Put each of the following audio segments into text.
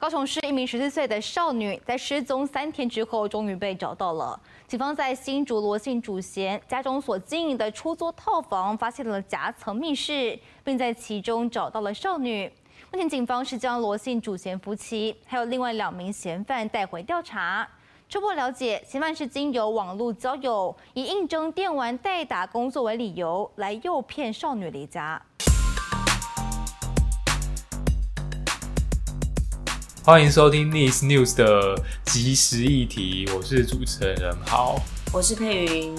高雄市一名14歲的少女，在失蹤三天之後，終於被找到了。警方在新竹羅姓主嫌家中所經營的出租套房，發現了夾層密室，並在其中找到了少女。目前，警方是將羅姓主嫌夫妻還有另外兩名嫌犯帶回調查。初步了解，嫌犯是經由網路交友，以應徵電玩代打工作為理由，來誘騙少女離家。歡迎收聽 Nice News 的即時議題，我是主持人仁豪，好，我是佩云。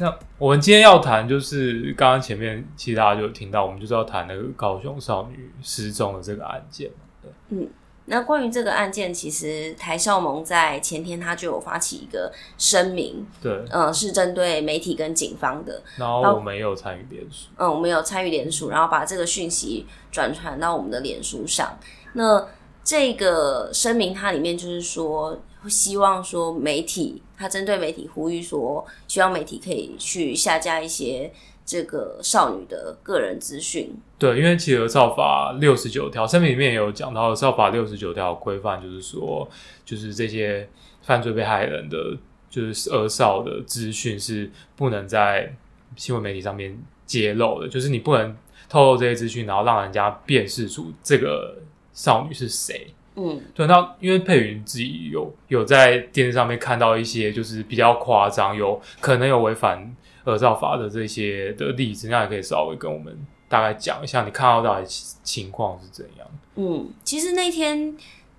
那我們今天要談，就是剛剛前面其實大家就有聽到，我們就是要談那個高雄少女失蹤的這個案件，對，嗯。那關於這個案件，其實台少盟在前天他就有發起一個聲明，對，嗯、呃，是針對媒體跟警方的。然後我沒有參與聯署，嗯，我沒有參與聯署，然後把這個訊息轉傳到我們的臉書上。那這個聲明它裡面就是說，希望說媒體，他針對媒體呼籲說，希望媒體可以去下架一些這個少女的個人資訊，對，因為其實兒少法六十九條，聲明裡面也有講到，兒少法六十九條規範就是說，就是這些犯罪被害人的就是兒少的資訊是不能在新聞媒體上面揭露的，就是你不能透露這些資訊，然後讓人家辨識出這個少女是誰。嗯，對，那因為佩雲自己有有在電視上面看到一些，就是比較誇張，有可能有違反。兒少法的這些的例子，那也可以稍微跟我們大概講一下，你看到到底情況是怎樣？嗯，其實那天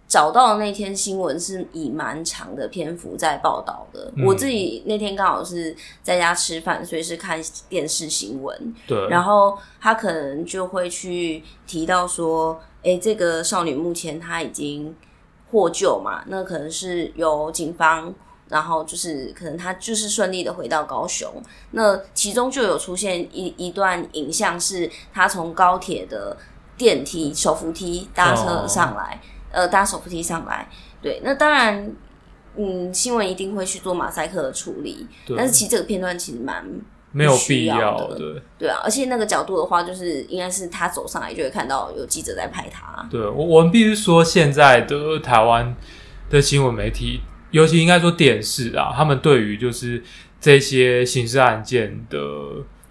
找到的那天新聞是以蠻長的篇幅在報道的。嗯、我自己那天剛好是在家吃飯，所以是看電視新聞。對，然後他可能就會去提到說，哎、欸，這個少女目前她已經獲救嘛？那可能是由警方。然後就是，可能他就是順利的回到高雄。那其中就有出現一一段影像，是他從高鐵的電梯手扶梯搭車上來，哦、呃，搭手扶梯上來。對，那當然，嗯，新聞一定會去做馬賽克的處理。對，但是其實這個片段其實蠻不沒有必要的，對，對啊。而且那個角度的話，就是應該是他走上來就會看到有記者在拍他。對，我我們必須說現在的台灣的新聞媒體，尤其應該說電視啊，他們對於就是這些刑事案件的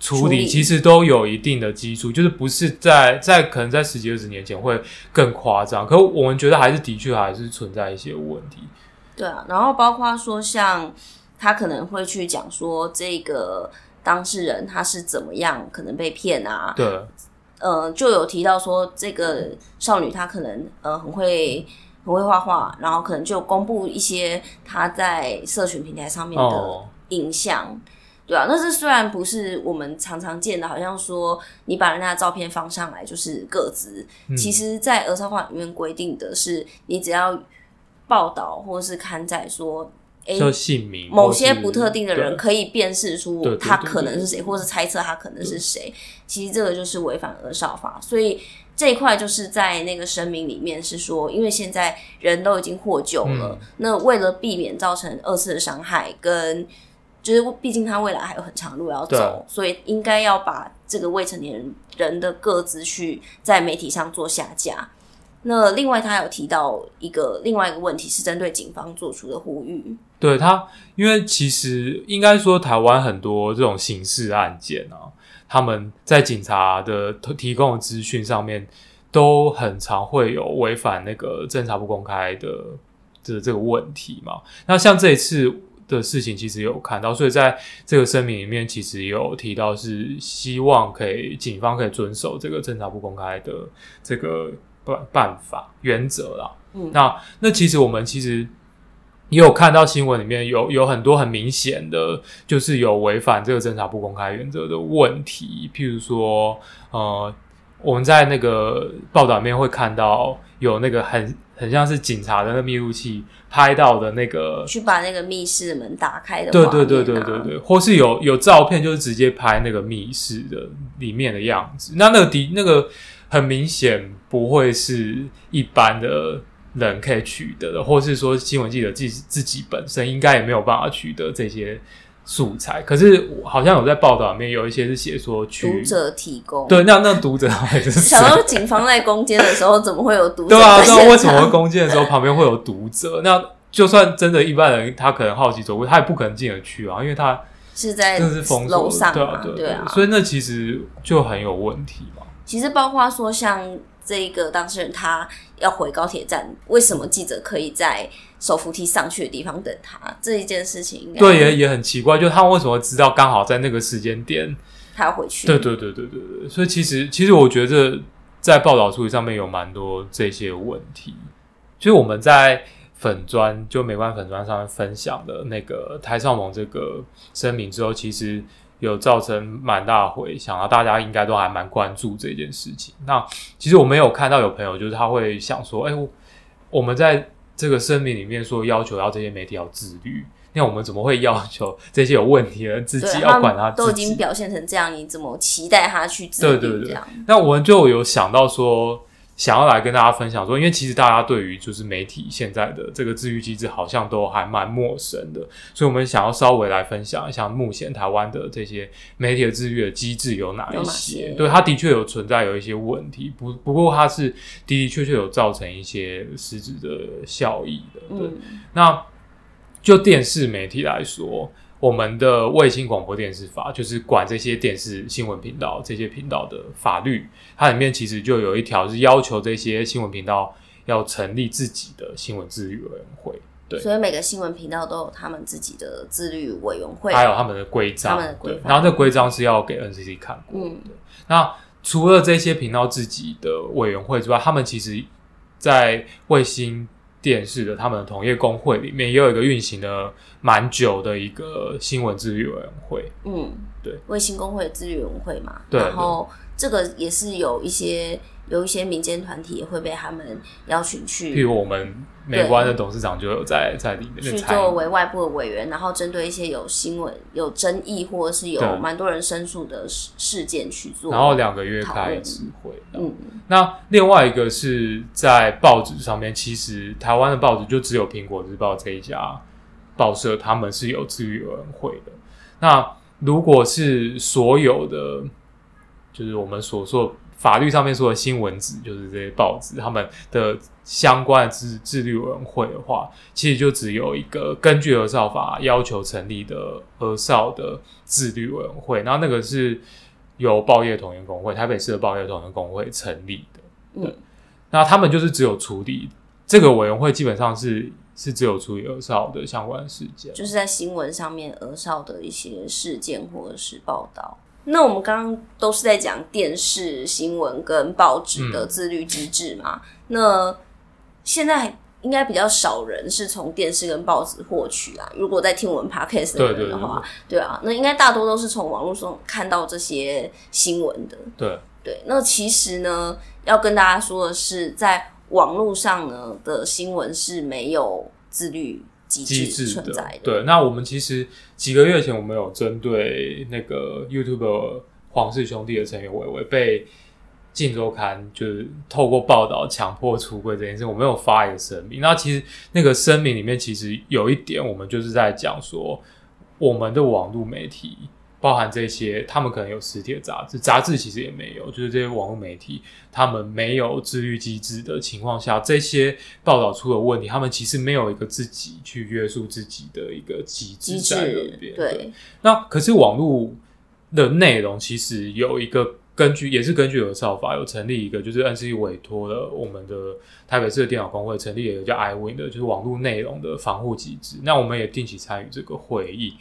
處理，其實都有一定的基礎，處理。就是不是在在可能在十幾二十年前會更誇張，可是我們覺得還是的確還是存在一些問題。對啊，然後包括說像他可能會去講說這個當事人他是怎麼樣可能被騙啊，對，呃，就有提到說這個少女她可能呃很會。很會畫畫，然後可能就公布一些他在社群平台上面的影像，oh. 對啊，那這雖然不是我們常常見的，好像說你把人家的照片放上來就是個資、嗯、其實，在《兒少法》裡面規定的是，你只要報道或是刊載說。欸、某些不特定的人可以辨識出他可能是誰，或是猜測他可能是誰。其實這個就是違反兒少法，所以這一塊就是在那個聲明裡面是說，因為現在人都已經獲救了，嗯啊、那為了避免造成二次的傷害，跟就是畢竟他未來還有很長路要走，對所以應該要把這個未成年人的個資去在媒體上做下架。那另外，他有提到一個另外一個問題是針對警方做出的呼籲。對他，因為其實應該說，台灣很多這種刑事案件啊，他們在警察的提供資訊上面，都很常會有違反那個偵查不公開的這這個問題嘛。那像這一次的事情，其實有看到，所以在這個聲明裡面，其實有提到是希望可以警方可以遵守這個偵查不公開的這個。辦辦法原則啦，嗯，那那其實我們其實也有看到新聞裡面有有很多很明顯的就是有違反這個偵查不公開原則的問題，譬如說呃我們在那個報道裡面會看到有那個很很像是警察的那個密錄器拍到的那個，去把那個密室的門打開的、啊，對，對對對對對對，或是有有照片就是直接拍那個密室的裡面的樣子，那那個底那個很明顯。不會是一般的人可以取得的，或是說新聞記者自己自己本身應該也沒有辦法取得這些素材。可是好像有在報道裡面有一些是寫說，讀者提供對那那讀者就是想到警方在攻堅的時候，怎麼會有讀者？ 對啊，那為什麼會攻堅的時候旁邊會有讀者？那就算真的一般人，他可能好奇走過他也不可能進得去啊，因為他是,是在樓上。是封鎖,、啊、對,對,對啊，對啊，所以那其實就很有問題嘛。其實包括說像。這一個當事人他要回高鐵站，為什麼記者可以在手扶梯上去的地方等他？這一件事情對，對，也也很奇怪，就是他為什麼知道剛好在那個時間點，他要回去？對對對對對對，所以其實其實我覺得在報道處理上面有蠻多這些問題。所以我們在粉專就媒觀粉專上面分享的那個台少盟這個聲明之後，其實。有造成蠻大回響啊，大家應該都還蠻關注這件事情。那其實我們有看到有朋友就是他會想說，哎、欸，我我們在這個聲明裡面說要求要這些媒體要自律，那我們怎麼會要求這些有問題的人自己要管他自？他都已經表現成這樣，你怎麼期待他去自律這樣？對對對，那我們就有想到說。想要來跟大家分享，說，因為其實大家對於就是媒體現在的這個自律機制，好像都還蠻陌生的，所以我們想要稍微來分享一下，目前台灣的這些媒體的自律的機制有哪一些？些對，它的確有存在有一些問題，不不過它是的的確確有造成一些實質的效益的。對，嗯、那就電視媒體來說。我們的衛星廣播電視法就是管這些電視新聞頻道這些頻道的法律，它裡面其實就有一條是要求這些新聞頻道要成立自己的新聞自律委員會。對，所以每個新聞頻道都有他們自己的自律委員會，還有他們的規章。對，對，然後這規章是要給 NCC 看過。嗯，那除了這些頻道自己的委員會之外，他們其實在衛星。電視的他們的同業公會裡面也有一個運行的蠻久的一個新聞自律委員會。嗯。對，衛星公會、自律委員會嘛。對。然後這個也是有一些有一些民間團體也會被他們邀請去，譬如我們媒觀的董事長就有在對在裡面去作為外部的委員，然後針對一些有新聞、有爭議或者是有蠻多人申訴的事事件去做。然後兩個月開一次會，嗯。那另外一個是在報紙上面，其實台灣的報紙就只有《蘋果日報》這一家報社，他們是有自律委員會的。那如果是所有的，就是我們所說法律上面說的新聞紙，就是這些報紙，他們的相關的自自律委員會的話，其實就只有一個根據兒少法要求成立的兒少的自律委員會。那那個是由報業同業公會，台北市的報業同業公會成立的，對，嗯，那他們就是只有處理這個委員會，基本上是。是只有出於兒少的相關事件，就是在新聞上面兒少的一些事件或者是報道。那我們剛剛都是在講電視新聞跟報紙的自律機制嘛？嗯、那現在應該比較少人是從電視跟報紙獲取啦。如果在聽我們 podcast 的人的話，對,對,對,對,對啊，那應該大多都是從網絡上看到這些新聞的。對對，那其實呢，要跟大家說的是在。網絡上呢的新聞是沒有自律機制存在的，制的。對，那我們其實幾個月前，我們有針對那個 YouTube 黃氏兄弟的成員瑋瑋被《鏡周刊》就是透過報道強迫出櫃這件事，我們有發一個聲明。那其實那個聲明裡面，其實有一點，我們就是在講說，我們的網絡媒體。包含這些，他們可能有實體的雜誌，雜誌其實也沒有，就是這些網絡媒體，他們沒有自律機制的情況下，這些報道出了問題，他們其實沒有一個自己去約束自己的一個機制在那邊。對，那可是網絡的內容其實有一個根據，也是根據兒少法有成立一個，就是 NCC 委託了我們的台北市的電腦公會成立一個叫 iWIN 的，就是網絡內容的防護機制。那我們也定期參與這個會議。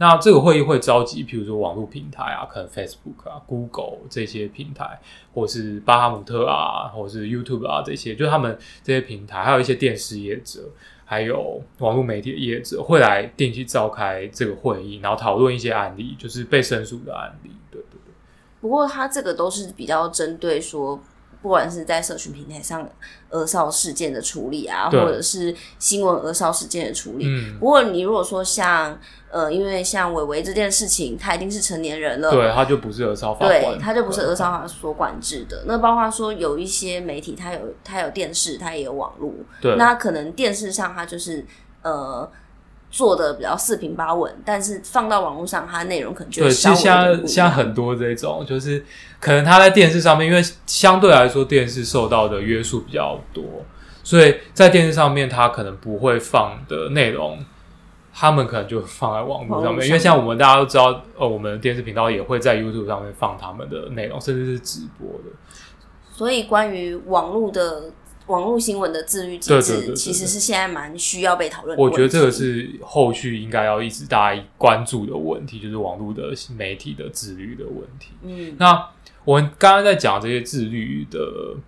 那這個會議會召集，譬如說網絡平台啊，可能 Facebook 啊、Google 這些平台，或是巴哈姆特啊，或是 YouTube 啊這些，就他們這些平台，還有一些電視業者，還有網絡媒體的業者會來定期召開這個會議，然後討論一些案例，就是被申訴的案例。對對對。不過，他這個都是比較針對說。不管是在社群平台上，兒少事件的處理啊，對或者是新聞兒少事件的處理，嗯，不過你如果說像呃，因為像薇薇這件事情，他已經是成年人了，對，他就不是兒少法，對，他就不是兒少法所管制的。對那包括說有一些媒體，他有他有電視，他也有網絡，對那可能電視上他就是呃。做的比較四平八穩，但是放到網絡上，它內容可能就對，其實像像很多這一種，就是可能他在電視上面，因為相對來說電視受到的約束比較多，所以在電視上面他可能不會放的內容，他們可能就放在網絡上面。網路上，因為像我們大家都知道，呃，我們的電視頻道也會在 YouTube 上面放他們的內容，甚至是直播的。所以關於網絡的。網絡新聞的自律機制，其實是現在蠻需要被討論的。我覺得這個是後續應該要一直大家關注的問題，就是網絡的媒體的自律的問題。嗯，那我們剛剛在講這些自律的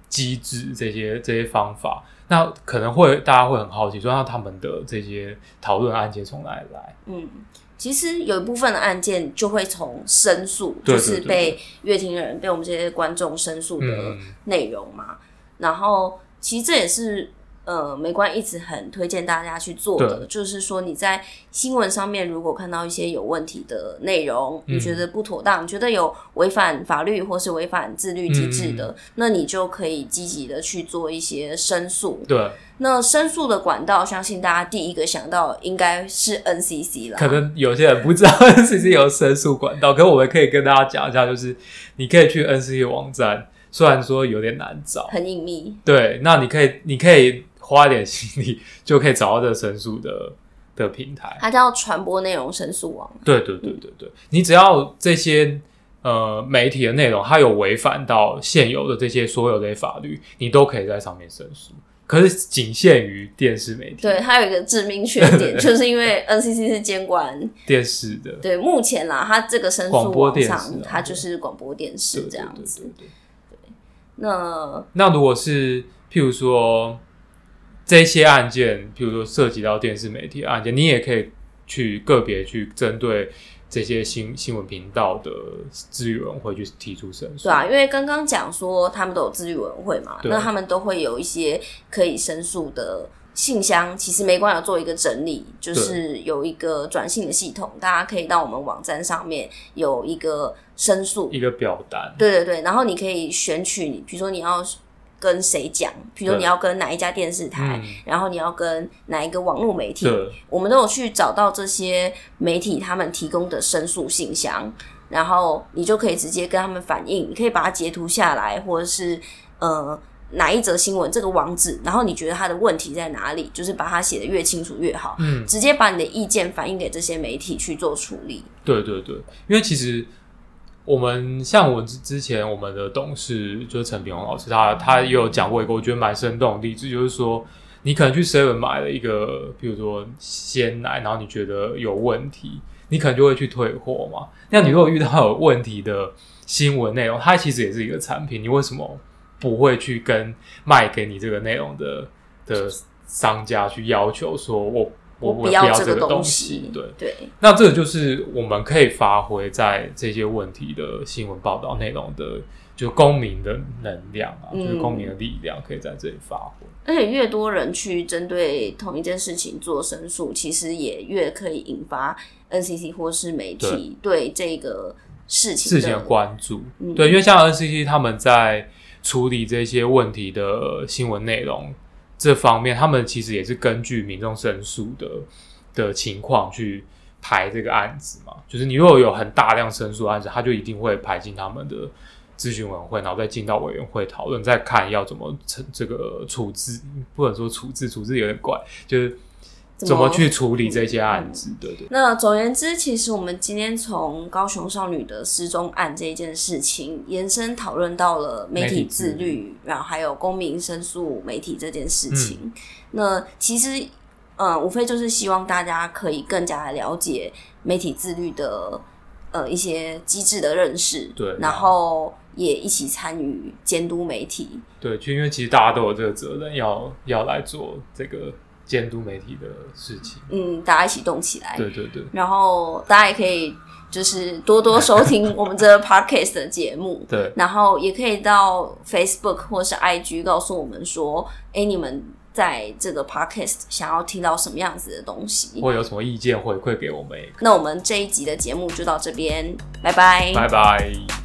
機制，這些這些方法，那可能會大家會很好奇說，說那他們的這些討論案件從哪裡來？嗯，其實有一部分的案件就會從申訴，就是被閱聽的人、對對對對被我們這些觀眾申訴的內容嘛，嗯、然後。其實這也是呃，媒觀一直很推薦大家去做的，對就是說你在新聞上面如果看到一些有問題的內容，嗯、你覺得不妥當，覺得有違反法律或是違反自律機制的，嗯、那你就可以積極的去做一些申訴。對，那申訴的管道，相信大家第一個想到應該是 NCC 啦。可能有些人不知道 NCC 有申訴管道，可是我們可以跟大家講一下，就是你可以去 NCC 網站。雖然說有點難找，很隱秘。對，那你可以，你可以花一點心力，就可以找到這個申訴的的平台。它叫傳播內容申訴網。對對對對，對、嗯、你只要這些呃媒體的內容，它有違反到現有的這些所有的法律，你都可以在上面申訴。可是僅限於電視媒體。對，它有一個致命缺點， 對對對對，就是因為 NCC 是監管電視的。對，目前啦，它這個申訴網上廣播電視、啊、它就是廣播電視這樣子。對對對對那那如果是譬如說這些案件，譬如說涉及到電視媒體的案件，你也可以去個別去針對這些新新聞頻道的自律委員會，去提出申訴，對啊，因為剛剛講說他們都有自律委員會嘛，對那他們都會有一些可以申訴的。信箱其實沒關係，要做一個整理，就是有一個轉信的系統，對大家可以到我們網站上面有一個申訴一個表單，對對對，然後你可以選取你，比如說你要跟誰講，比如說你要跟哪一家電視台，對然後你要跟哪一個網絡媒體，對我們都有去找到這些媒體他們提供的申訴信箱，然後你就可以直接跟他們反映，你可以把它截圖下來，或者是呃。哪一則新聞？這個網址，然後你覺得它的問題在哪裡？就是把它寫得越清楚越好。嗯，直接把你的意見反映給這些媒體去做處理。對對對，因為其實我們像我之之前，我們的董事就是陳炳宏老師，他他也有講過一個我覺得蠻生動的例子，就是說你可能去 Seven 買了一個，比如說鮮奶，然後你覺得有問題，你可能就會去退貨嘛。那你如果遇到有問題的新聞內容，嗯、它其實也是一個產品，你為什麼？不會去跟賣給你這個內容的的商家去要求說我，我我不要這個東西，對對。對那這個就是我們可以發揮在這些問題的新聞報道內容的，就公民的能量啊，就是公民的力量可以在這裡發揮。嗯，而且越多人去針對同一件事情做申訴，其實也越可以引發 NCC 或是媒體對，對這個事情事情的關注。嗯。對，因為像 NCC 他們在處理這些問題的新聞內容這方面，他們其實也是根據民眾申訴的的情況去排這個案子嘛。就是你如果有很大量申訴案子，他就一定會排進他們的諮詢委員會，然後再進到委員會討論，再看要怎麼懲這個處置，不能說處置處置有點怪，就是。怎麼，怎麼去處理這些案子？嗯、對，對對。那總而言之，其實我們今天從高雄少女的失蹤案這一件事情，延伸討論到了媒體自律、媒體，然後還有公民申訴媒體這件事情。嗯、那其實，嗯、呃，無非就是希望大家可以更加了解媒體自律的呃一些機制的認識，對、啊。然後也一起參與監督媒體。對，就因為其實大家都有這個責任，要，要來做這個。監督媒體的事情，嗯，大家一起動起來。對對對，然後大家也可以就是多多收聽 我們這個 podcast 的節目，對，然後也可以到 Facebook 或是 IG 告訴我們說，哎、欸，你們在這個 podcast 想要聽到什麼樣子的東西，或有什麼意見回饋給我們。那我們這一集的節目就到這邊，拜拜，拜拜。